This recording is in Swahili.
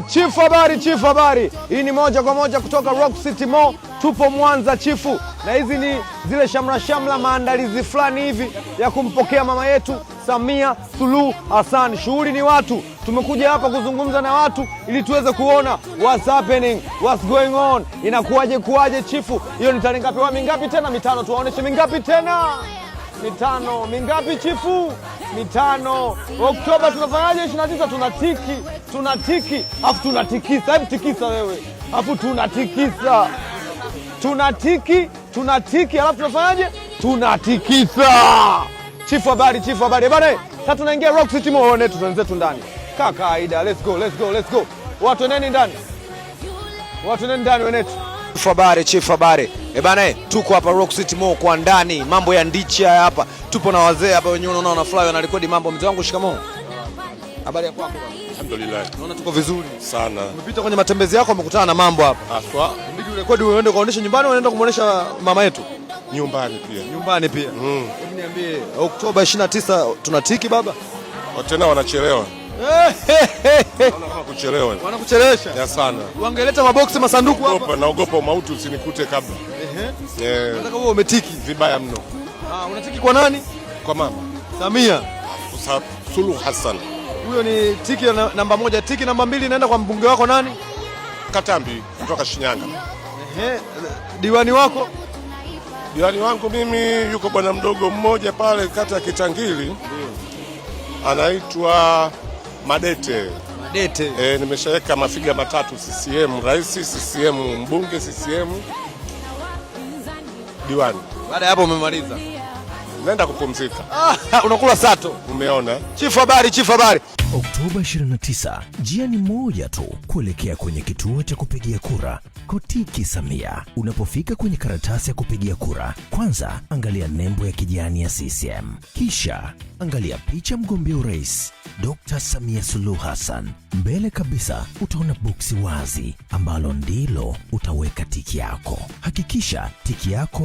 chifu habari, chifu habari. Hii ni moja kwa moja kutoka Rock City Mall, tupo Mwanza chifu, na hizi ni zile shamra shamra, maandalizi fulani hivi ya kumpokea mama yetu Samia Suluhu Hassan. Shughuli ni watu, tumekuja hapa kuzungumza na watu ili tuweze kuona what's happening, what's going on, inakuwaje kuwaje. Chifu, hiyo ni tarehe ngapi? Mingapi tena? Mitano. Tuwaoneshe mingapi tena? Mitano. Mingapi chifu? Mitano. Oktoba tunafanyaje? 29 tunatiki tunatiki afu tunatikisa. Hebu tikisa wewe, afu tunatikisa, tunatiki, tunatiki, alafu tunafanyaje? Tunatikisa. Chifu habari, chifu habari bana. Sasa tunaingia Rock City Mall, netu tunaenzetu ndani kaa kawaida. Let's go, let's go, let's go, watu neni ndani, watu neni ndani wenetu Chifu habari, chifu habari. E eh, bana, tuko hapa Rock City mo kwa ndani, mambo ya ndichi haya hapa. Tupo na wazee hapa wenyewe, unaona wana wanafly wanarekodi mambo. Mzee wangu shikamoo. Habari ya kwako? Alhamdulillah. Naona tuko vizuri sana. Umepita kwenye matembezi yako umekutana na mambo hapa. Haswa. Mbidi urekodi uende kuonesha nyumbani unaenda kumuonesha mama yetu. Nyumbani pia. Nyumbani pia. Mm. Niambie Oktoba 29 tunatiki baba? Oh, tena wanachelewa. Eh, kuchelewa. Wanakuchelewesha sana. Wangeleta maboksi masanduku hapa. Naogopa mauti usinikute kabla. Ehe. Eh. Nataka wewe umetiki vibaya mno. Ah, unatiki kwa nani? Kwa mama. Samia Suluhu Hassan. Huyo ni tiki na, namba moja. Tiki namba mbili inaenda kwa mbunge wako nani? Katambi kutoka Shinyanga. Ehe, diwani wako? Diwani wangu mimi yuko bwana mdogo mmoja pale kata ya Kitangili anaitwa Madete. Madete. E, nimeshaweka mafiga matatu CCM, rais CCM, mbunge CCM, diwani. Baada ya hapo umemaliza? naenda kupumzika. Ah, unakula sato. Umeona chifu, habari chifu, habari. Oktoba 29, njia ni moja tu kuelekea kwenye kituo cha kupigia kura Kotiki Samia. Unapofika kwenye karatasi ya kupigia kura, kwanza angalia nembo ya kijani ya CCM, kisha angalia picha mgombea urais Dr. Samia Suluhu Hassan. Mbele kabisa utaona boksi wazi ambalo ndilo utaweka tiki yako. Hakikisha tiki yako